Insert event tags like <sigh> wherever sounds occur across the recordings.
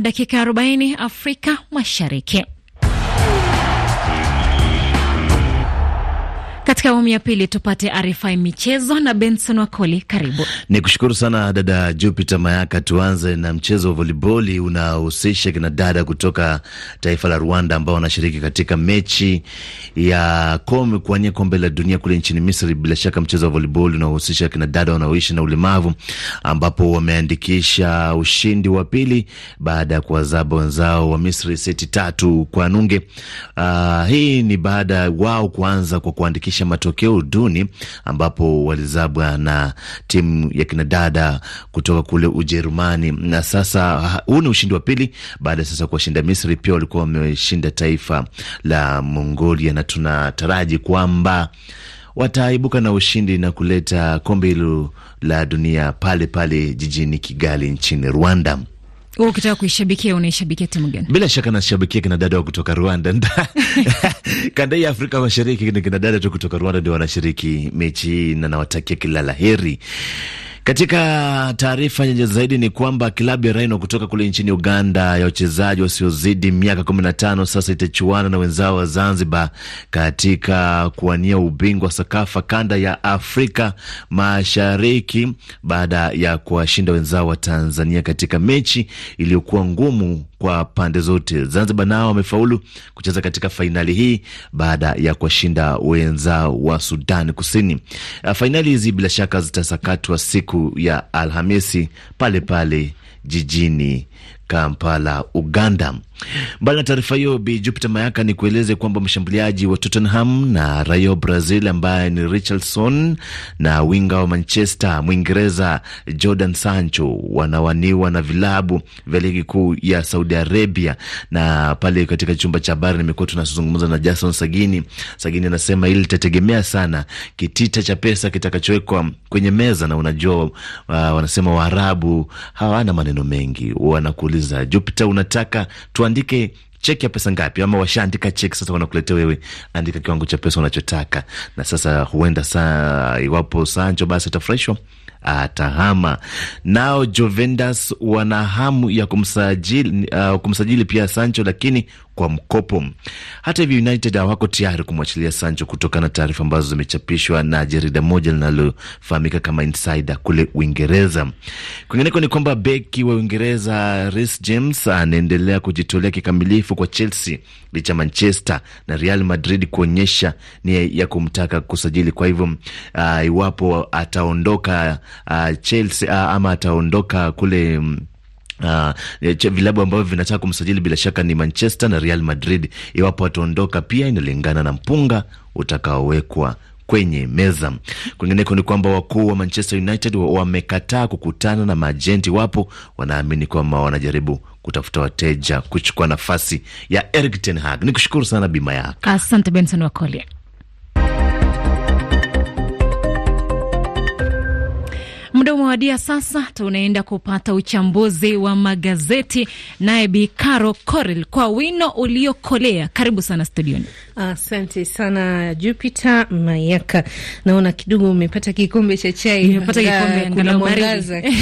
dakika 40 Afrika Mashariki. Katika awamu ya pili tupate RFI michezo na Benson Wakoli, karibu. Ni kushukuru sana dada Jupiter Mayaka. Tuanze na mchezo wa voliboli unahusisha kina dada kutoka taifa la Rwanda ambao wanashiriki katika mechi ya kombe kuwania kombe la dunia kule nchini Misri. Bila shaka mchezo wa voliboli unaohusisha kina dada wanaoishi na ulemavu, ambapo wameandikisha ushindi wa pili baada ya kuwazaba wenzao wa Misri seti tatu kwa nunge. Uh, hii ni baada wao kuanza kwa kuandikisha kufanikisha matokeo duni, ambapo walizabwa na timu ya kinadada kutoka kule Ujerumani. Na sasa huu ni ushindi wa pili baada ya sasa kuwashinda Misri, pia walikuwa wameshinda taifa la Mongolia, na tunataraji kwamba wataibuka na ushindi na kuleta kombe hilo la dunia pale pale jijini Kigali nchini Rwanda. Wewe ukitaka kuishabikia unaishabikia timu gani? Bila shaka nashabikia kina dada kutoka Rwanda. <laughs> Kanda ya Afrika Mashariki ni kina dada tu kutoka Rwanda ndio wanashiriki mechi hii na nawatakia kila la heri. Katika taarifa nyingi zaidi ni kwamba klabu ya Rhino kutoka kule nchini Uganda ya wachezaji wasiozidi miaka 15 sasa itachuana na wenzao wa Zanzibar katika kuwania ubingwa Sakafa kanda ya Afrika Mashariki baada ya kuwashinda wenzao wa Tanzania katika mechi iliyokuwa ngumu kwa pande zote. Zanzibar nao wamefaulu kucheza katika fainali hii baada ya kuwashinda wenzao wa Sudan Kusini. Ah, fainali hizi bila shaka zitasakatwa siku ya Alhamisi pale pale jijini Kampala, Uganda. Mbali na taarifa hiyo, Bi Jupiter Mayaka, ni kueleze kwamba mshambuliaji wa Tottenham na raia wa Brazil ambaye ni Richardson na winga wa Manchester Mwingereza Jordan Sancho wanawaniwa na vilabu vya ligi kuu ya Saudi Arabia. Na pale katika chumba cha habari nimekuwa tunazungumza na Jason Sagini. Sagini anasema hili litategemea sana kitita cha pesa kitakachowekwa kwenye meza, na unajua uh, wanasema Waarabu hawana maneno mengi, wanakuuliza kuuliza Jupiter, unataka tuandike cheki ya pesa ngapi? Ama washaandika cheki sasa, wanakuletea wewe, andika kiwango cha pesa unachotaka. Na sasa huenda saa iwapo Sancho basi atafurahishwa atahama. Tahama. Nao Juventus wana hamu ya kumsajili, uh, kumsajili pia Sancho lakini kwa mkopo. Hata hivyo, United hawako tayari kumwachilia Sancho kutokana na taarifa ambazo zimechapishwa na jarida moja linalofahamika kama Insider kule Uingereza. Kwingineko ni kwamba beki wa Uingereza Reece James anaendelea kujitolea kikamilifu kwa Chelsea licha Manchester na Real Madrid kuonyesha nia ya kumtaka kusajili. Kwa hivyo uh, iwapo ataondoka uh, Chelsea uh, ama ataondoka kule mm, Uh, vilabu ambavyo vinataka kumsajili bila shaka ni Manchester na Real Madrid. Iwapo wataondoka, pia inalingana na mpunga utakaowekwa kwenye meza. Kwingineko ni kwamba wakuu wa Manchester United wamekataa kukutana na majenti wapo, wanaamini kwamba wanajaribu kutafuta wateja kuchukua nafasi ya Erik ten Hag. Ni kushukuru sana bima yako, asante Benson Wakolia. Muda umewadia sasa, tunaenda kupata uchambuzi wa magazeti naye Bi Karo kwa wino uliokolea. Karibu sana studioni. Asante ah, sana Jupiter Mayaka, naona kidogo umepata kikombe cha chai, umepata kikombe <laughs>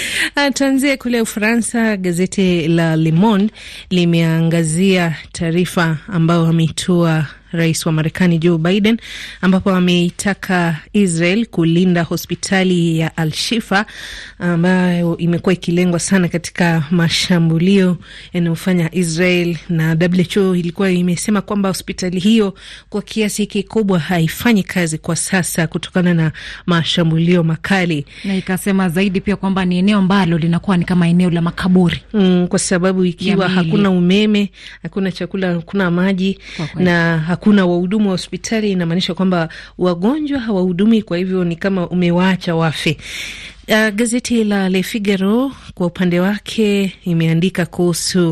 <laughs> ah, Tuanzie kule Ufaransa. Gazeti la Le Monde limeangazia taarifa ambayo wametoa rais wa Marekani Joe Biden, ambapo ameitaka Israel kulinda hospitali ya Al-Shifa ambayo imekuwa ikilengwa sana katika mashambulio yanayofanya Israel, na WHO ilikuwa imesema kwamba hospitali hiyo kwa kiasi kikubwa haifanyi kazi kwa sasa kutokana na mashambulio makali, na ikasema zaidi pia kwamba ni eneo ambalo linakuwa ni kama eneo la makaburi mm, kwa sababu ikiwa hakuna umeme, hakuna chakula, hakuna maji na hakuna wahudumu wa hospitali, inamaanisha kwamba wagonjwa hawahudumi, kwa hivyo ni kama umewaacha wafe. Uh, gazeti la Le Figaro kwa upande wake imeandika kuhusu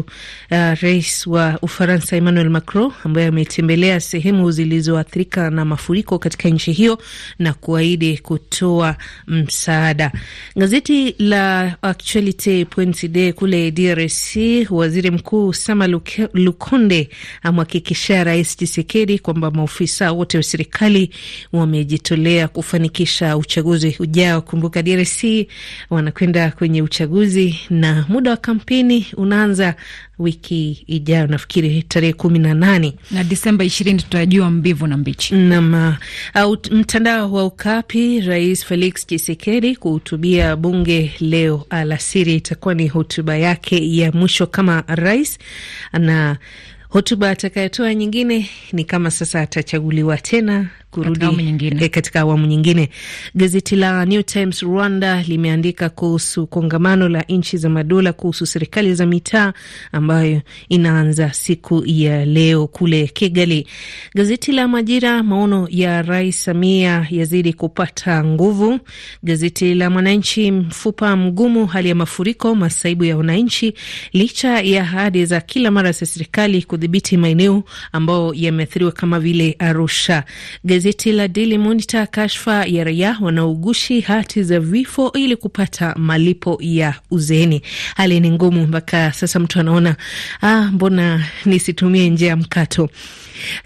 uh, rais wa Ufaransa Emmanuel Macron ambaye ametembelea sehemu zilizoathirika na mafuriko katika nchi hiyo na kuahidi kutoa msaada. Gazeti la Actualite.cd kule DRC, waziri mkuu Sama Luke, Lukonde amhakikishia rais Tshisekedi kwamba maofisa wote wa serikali wamejitolea kufanikisha uchaguzi ujao. Kumbuka DRC wakati wanakwenda kwenye uchaguzi na muda wa kampeni unaanza wiki ijayo, nafikiri tarehe kumi na nane na Disemba ishirini tutajua mbivu na mbichi. Nam uh, mtandao wa Ukapi, Rais Felix Chisekedi kuhutubia bunge leo alasiri, itakuwa ni hotuba yake ya mwisho kama rais na hotuba atakayotoa nyingine ni kama sasa atachaguliwa tena kurudi eh, katika awamu nyingine. Gazeti la New Times Rwanda limeandika kuhusu kongamano la nchi za madola kuhusu serikali za mitaa ambayo inaanza siku ya leo kule Kigali. Gazeti la Majira, maono ya Rais Samia yazidi kupata nguvu. Gazeti la Mwananchi, mfupa mgumu, hali ya mafuriko, masaibu ya wananchi licha ya ahadi za kila mara za serikali kudhibiti maeneo ambayo yameathiriwa kama vile Arusha. Gazeti la Daily Monitor, kashfa ya raia wanaogushi hati za vifo ili kupata malipo ya uzeeni. Hali ni ngumu mpaka sasa, mtu anaona ah, mbona nisitumie njia ya mkato.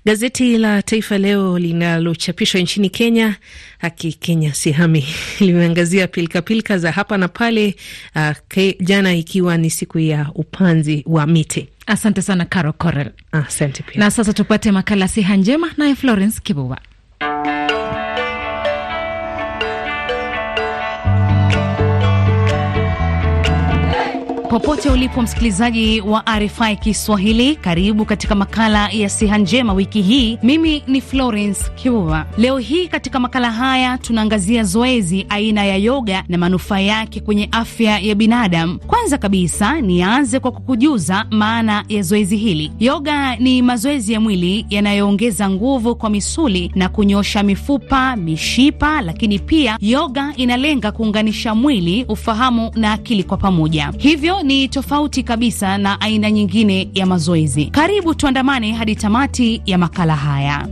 Gazeti la Taifa Leo linalochapishwa nchini Kenya, haki Kenya sihami, <laughs> limeangazia pilikapilika za hapa na pale, uh, jana ikiwa ni siku ya upanzi wa miti. Asante sana Caro Corel. Asante pia. Na sasa tupate makala siha njema naye Florence Kibuba. Popote ulipo msikilizaji wa RFI Kiswahili, karibu katika makala ya siha njema wiki hii. Mimi ni Florence Kiuva. Leo hii katika makala haya tunaangazia zoezi aina ya yoga na manufaa yake kwenye afya ya binadamu. Kwanza kabisa, nianze kwa kukujuza maana ya zoezi hili. Yoga ni mazoezi ya mwili yanayoongeza nguvu kwa misuli na kunyosha mifupa, mishipa, lakini pia yoga inalenga kuunganisha mwili, ufahamu na akili kwa pamoja, hivyo ni tofauti kabisa na aina nyingine ya mazoezi. Karibu tuandamane hadi tamati ya makala haya.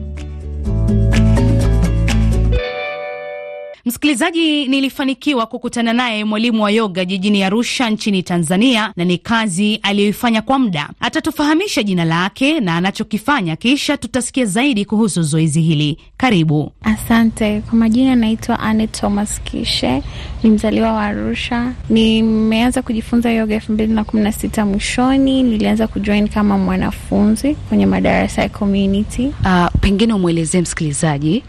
Msikilizaji, nilifanikiwa kukutana naye mwalimu wa yoga jijini Arusha nchini Tanzania, na ni kazi aliyoifanya kwa muda. Atatufahamisha jina lake na anachokifanya, kisha tutasikia zaidi kuhusu zoezi hili. Karibu. Asante. Kwa majina anaitwa Anne Thomas Kishe, ni mzaliwa wa Arusha. Nimeanza kujifunza yoga elfu mbili na kumi na sita mwishoni. Nilianza kujoin kama mwanafunzi kwenye madarasa ya community. Uh, pengine umwelezee msikilizaji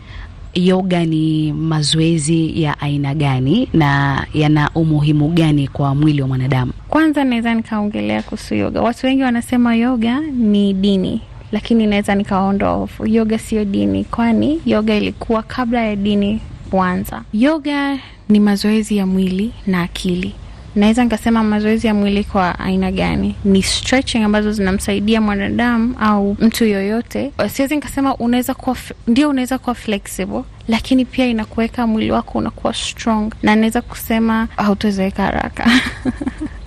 yoga ni mazoezi ya aina gani na yana umuhimu gani kwa mwili wa mwanadamu? Kwanza naweza nikaongelea kuhusu yoga. Watu wengi wanasema yoga ni dini, lakini naweza nikaondoa hofu. Yoga siyo dini, kwani yoga ilikuwa kabla ya dini kuanza. Yoga ni mazoezi ya mwili na akili naweza nikasema mazoezi ya mwili kwa aina gani? Ni stretching ambazo zinamsaidia mwanadamu au mtu yoyote. Siwezi nikasema unaweza kuwa ndio, unaweza kuwa flexible, lakini pia inakuweka mwili wako unakuwa strong, na naweza kusema hautowezeweka haraka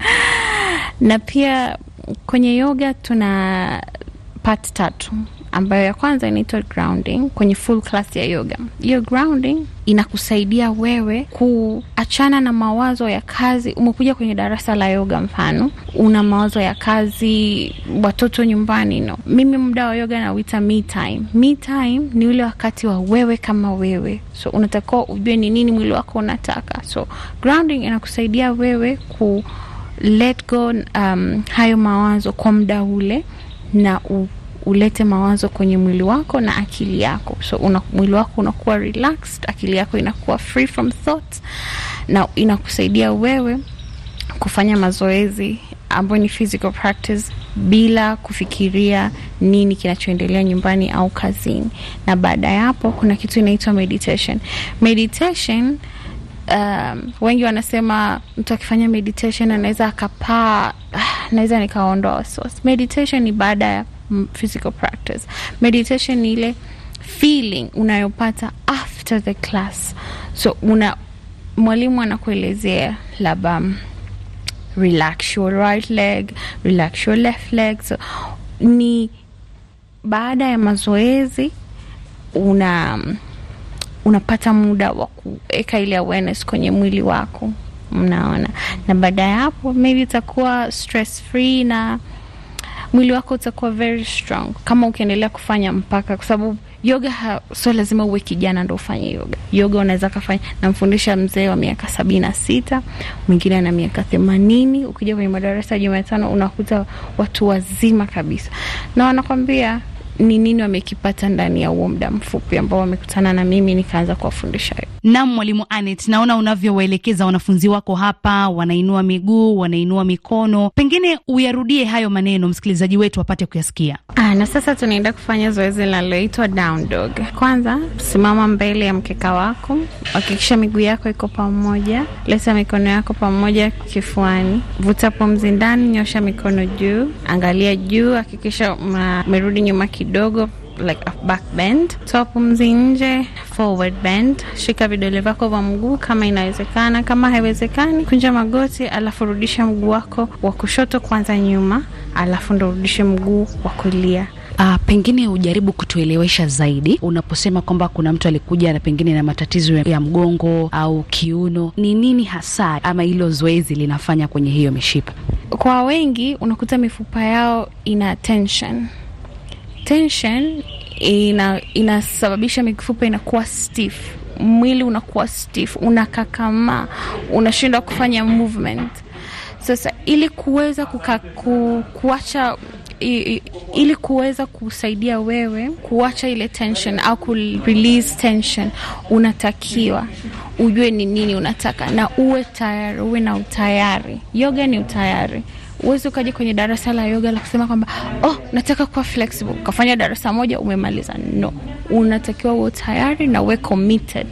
<laughs> na pia kwenye yoga tuna part tatu ambayo ya kwanza inaitwa grounding kwenye full class ya yoga. Hiyo grounding inakusaidia wewe kuachana na mawazo ya kazi. Umekuja kwenye darasa la yoga, mfano una mawazo ya kazi, watoto nyumbani, no. Mimi muda wa yoga nauita me time. Me time ni ule wakati wa wewe kama wewe, so unatakiwa ujue ni nini mwili wako unataka. So grounding inakusaidia wewe ku let go um, hayo mawazo kwa muda ule na u ulete mawazo kwenye mwili wako na akili yako. So una, mwili wako unakuwa relaxed, akili yako inakuwa free from thoughts, na inakusaidia wewe kufanya mazoezi ambayo ni physical practice bila kufikiria nini kinachoendelea nyumbani au kazini. Na baada ya hapo kuna kitu inaitwa meditation. Meditation um, wengi wanasema mtu akifanya meditation anaweza akapaa, <sighs> naweza nikaondoa wasiwasi. Meditation ni baada ya physical practice. Meditation ni ile feeling unayopata after the class, so una mwalimu anakuelezea labda relax your right leg, relax your left leg. So, ni baada ya mazoezi una unapata muda wa kuweka ile awareness kwenye mwili wako, mnaona, na baada ya hapo maybe itakuwa stress free na mwili wako utakuwa very strong kama ukiendelea kufanya mpaka, kwa sababu yoga sio lazima uwe kijana ndo ufanye yoga. Yoga unaweza kafanya, namfundisha mzee wa miaka sabini na sita, mwingine ana miaka themanini. Ukija kwenye madarasa ya Jumatano unakuta watu wazima kabisa na wanakwambia ni nini wamekipata ndani ya huo muda mfupi ambao wamekutana na mimi, nikaanza kuwafundisha. Naam, Mwalimu Anet, naona unavyowaelekeza wanafunzi wako hapa, wanainua miguu, wanainua mikono, pengine uyarudie hayo maneno msikilizaji wetu apate kuyasikia. Aa, ah, na sasa tunaenda kufanya zoezi linaloitwa down dog. Kwanza simama mbele ya mkeka wako, hakikisha miguu yako iko pamoja, leta mikono yako pamoja kifuani, vuta pumzi ndani, nyosha mikono juu, angalia juu, hakikisha umerudi nyuma kidogo like a back bend, toa pumzi nje, forward bend. Shika vidole vyako vya mguu kama inawezekana. Kama haiwezekani, kunja magoti, alafu rudisha mguu wako wa kushoto kwanza nyuma, alafu ndo urudishe mguu wa kulia. Uh, pengine ujaribu kutuelewesha zaidi unaposema kwamba kuna mtu alikuja na pengine na matatizo ya mgongo au kiuno, ni nini hasa ama hilo zoezi linafanya kwenye hiyo mishipa? Kwa wengi unakuta mifupa yao ina tension tension ina, inasababisha mifupa inakuwa stiff, mwili unakuwa stiff, unakakamaa, unashindwa kufanya movement. Sasa ili kuweza ku, kuacha ili kuweza kusaidia wewe kuacha ile tension au ku release tension, unatakiwa ujue ni nini unataka na uwe tayari, uwe na utayari. Yoga ni utayari. Uwezi ukaja kwenye darasa la yoga la kusema kwamba oh, nataka kuwa flexible, ukafanya darasa moja umemaliza. No, unatakiwa uwe tayari na uwe committed.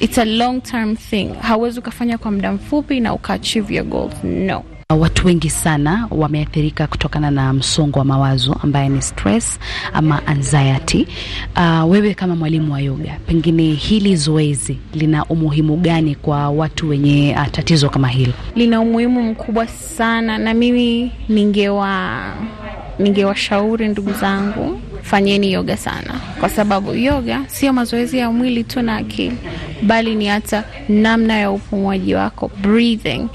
It's a long term thing. Hauwezi ukafanya kwa muda mfupi na ukaachieve your goals. No. Uh, watu wengi sana wameathirika kutokana na msongo wa mawazo ambaye ni stress ama anxiety. Uh, wewe kama mwalimu wa yoga, pengine hili zoezi lina umuhimu gani kwa watu wenye uh, tatizo kama hilo Lina umuhimu mkubwa sana, na mimi ningewa ningewashauri ndugu zangu fanyeni yoga sana, kwa sababu yoga sio mazoezi ya mwili tu na akili, bali ni hata namna ya upumuaji wako, breathing.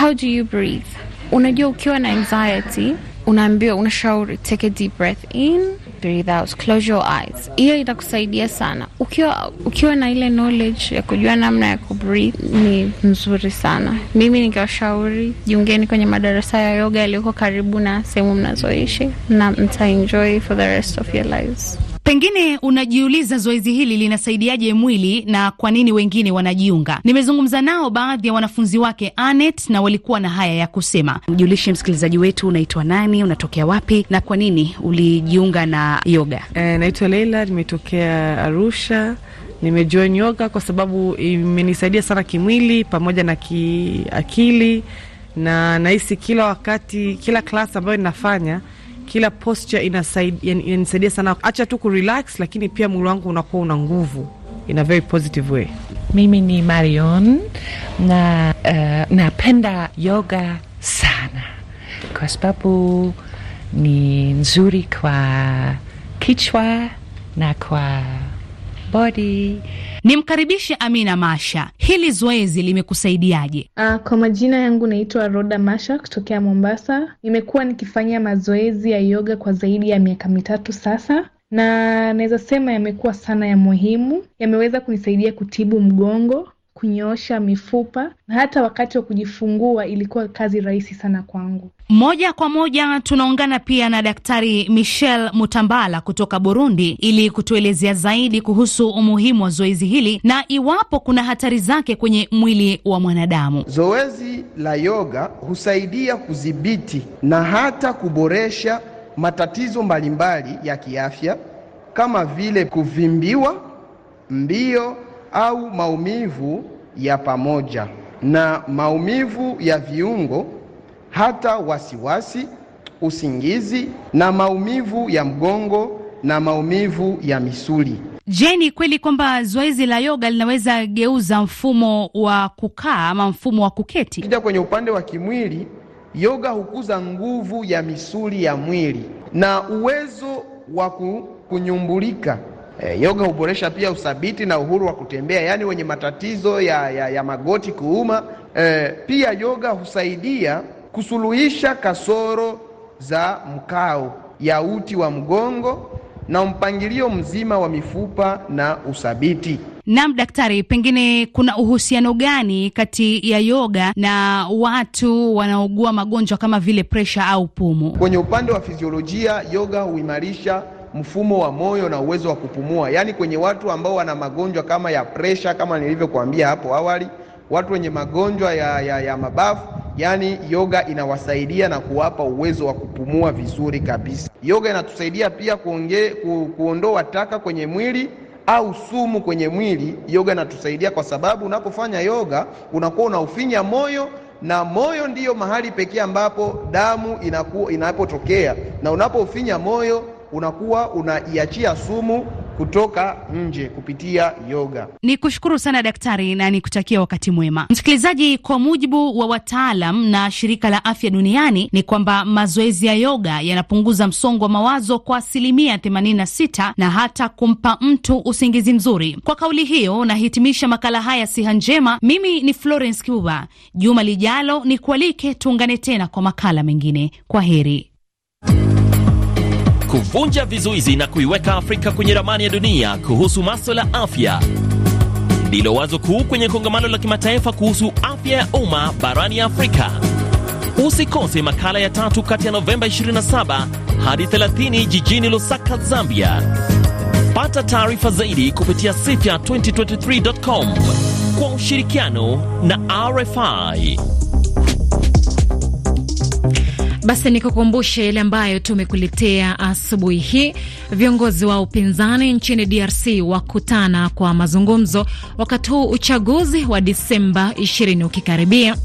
How do you breathe? Unajua, ukiwa na anxiety unaambiwa, unashauri take a deep breath in breathe close your eyes. Hiyo itakusaidia sana ukiwa, ukiwa na ile knowledge ya kujua namna ya kubreathe ni nzuri sana. Mimi nikiwashauri jiungeni kwenye madarasa ya yoga yaliyoko karibu na sehemu mnazoishi na mtaenjoy for the rest of your lives. Pengine unajiuliza zoezi hili linasaidiaje mwili na kwa nini wengine wanajiunga? Nimezungumza nao baadhi ya wanafunzi wake Anet, na walikuwa na haya ya kusema. Mjulishe msikilizaji wetu, unaitwa nani, unatokea wapi na kwa nini ulijiunga na yoga? E, naitwa Leila, nimetokea Arusha. Nimejoin yoga kwa sababu imenisaidia sana kimwili pamoja na kiakili, na nahisi kila wakati, kila klasi ambayo ninafanya kila posture inasaidia, inanisaidia sana, acha tu kurelax, lakini pia mwili wangu unakuwa una nguvu in a very positive way. Mimi ni Marion na uh, napenda yoga sana kwa sababu ni nzuri kwa kichwa na kwa body Nimkaribishe Amina Masha, hili zoezi limekusaidiaje? Uh, kwa majina yangu naitwa Roda Masha kutokea Mombasa. Nimekuwa nikifanya mazoezi ya yoga kwa zaidi ya miaka mitatu sasa na naweza sema yamekuwa sana ya muhimu. Yameweza kunisaidia kutibu mgongo, kunyoosha mifupa na hata wakati wa kujifungua ilikuwa kazi rahisi sana kwangu. Moja kwa moja tunaungana pia na Daktari Michel Mutambala kutoka Burundi ili kutuelezea zaidi kuhusu umuhimu wa zoezi hili na iwapo kuna hatari zake kwenye mwili wa mwanadamu. Zoezi la yoga husaidia kudhibiti na hata kuboresha matatizo mbalimbali ya kiafya kama vile kuvimbiwa, mbio au maumivu ya pamoja na maumivu ya viungo, hata wasiwasi, usingizi na maumivu ya mgongo na maumivu ya misuli. Je, ni kweli kwamba zoezi la yoga linaweza geuza mfumo wa kukaa ama mfumo wa kuketi? Kija kwenye upande wa kimwili, yoga hukuza nguvu ya misuli ya mwili na uwezo wa kunyumbulika E, yoga huboresha pia uthabiti na uhuru wa kutembea, yaani wenye matatizo ya, ya, ya magoti kuuma. E, pia yoga husaidia kusuluhisha kasoro za mkao ya uti wa mgongo na mpangilio mzima wa mifupa na uthabiti. Naam, daktari, pengine kuna uhusiano gani kati ya yoga na watu wanaougua magonjwa kama vile presha au pumu? Kwenye upande wa fiziolojia, yoga huimarisha mfumo wa moyo na uwezo wa kupumua, yaani kwenye watu ambao wana magonjwa kama ya presha, kama nilivyokuambia hapo awali, watu wenye magonjwa ya, ya, ya mabafu Yaani yoga inawasaidia na kuwapa uwezo wa kupumua vizuri kabisa. Yoga inatusaidia pia kuonge, ku, kuondoa taka kwenye mwili au sumu kwenye mwili. Yoga inatusaidia kwa sababu unapofanya yoga unakuwa unaufinya moyo, na moyo ndiyo mahali pekee ambapo damu inakuwa inapotokea, na unapofinya moyo unakuwa unaiachia sumu kutoka nje kupitia yoga. Ni kushukuru sana daktari, na nikutakia wakati mwema msikilizaji. Kwa mujibu wa wataalam na shirika la afya duniani ni kwamba mazoezi ya yoga yanapunguza msongo wa mawazo kwa asilimia 86 na hata kumpa mtu usingizi mzuri. Kwa kauli hiyo, nahitimisha makala haya siha njema. Mimi ni Florence Kibuba. Juma lijalo ni kualike tuungane tena kwa makala mengine. Kwa heri kuvunja vizuizi na kuiweka Afrika kwenye ramani ya dunia kuhusu maswala ya afya ndilo wazo kuu kwenye kongamano la kimataifa kuhusu afya ya umma barani Afrika. Usikose makala ya tatu kati ya Novemba 27 hadi 30 jijini Lusaka, Zambia. Pata taarifa zaidi kupitia sifya 2023.com kwa ushirikiano na RFI. Basi nikukumbushe yale ambayo tumekuletea asubuhi hii. Viongozi wa upinzani nchini DRC wakutana kwa mazungumzo, wakati huu uchaguzi wa Disemba 20 ukikaribia.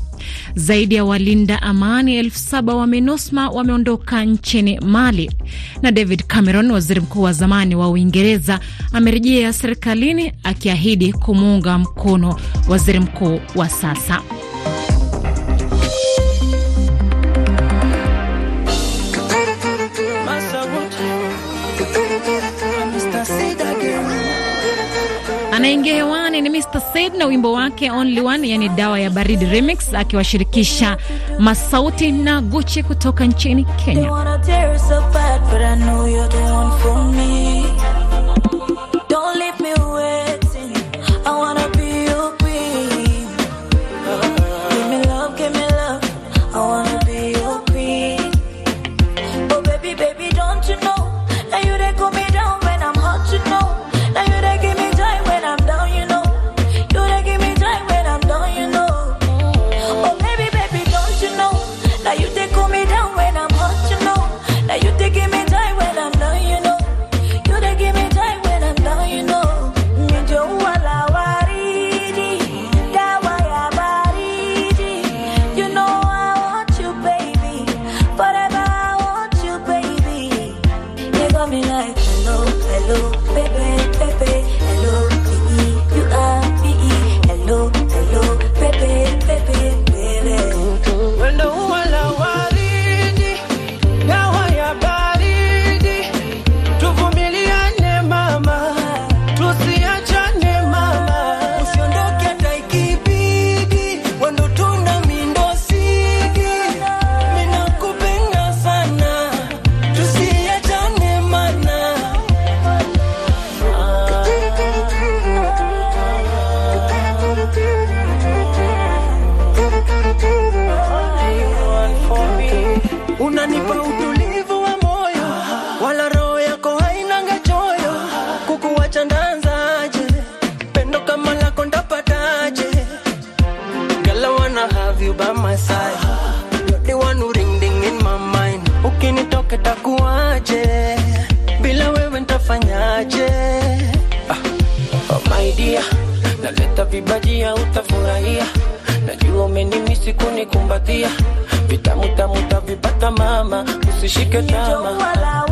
Zaidi ya walinda amani elfu saba wa MINUSMA wameondoka nchini Mali. Na David Cameron, waziri mkuu wa zamani wa Uingereza, amerejea serikalini akiahidi kumuunga mkono waziri mkuu wa sasa. Anaingia hewani ni Mr Said na wimbo wake Only One, yani dawa ya baridi remix, akiwashirikisha Masauti na Guchi kutoka nchini Kenya. usishike tamaa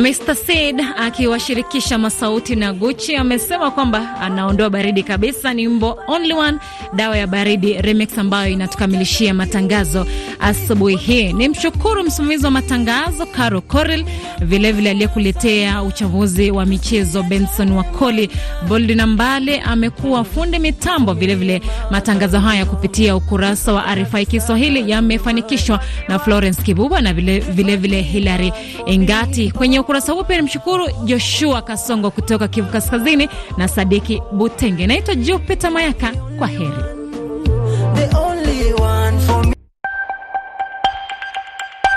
Mr Said akiwashirikisha Masauti na Guchi amesema kwamba anaondoa baridi kabisa, ni mbo Only One, dawa ya baridi remix, ambayo inatukamilishia matangazo asubuhi hii. Ni mshukuru msimamizi wa matangazo Caro Coril, vilevile aliyekuletea uchavuzi wa michezo Benson Wakoli. Bold na Mbale amekuwa fundi mitambo. Vilevile matangazo haya kupitia ukurasa wa RFI Kiswahili yamefanikishwa na Florence Kibuba na vilevile Hilary Engati kwenye ukurasa huu pia nimshukuru Joshua Kasongo kutoka Kivu Kaskazini na Sadiki Butenge. Naitwa Jupita Mayaka, kwa heri.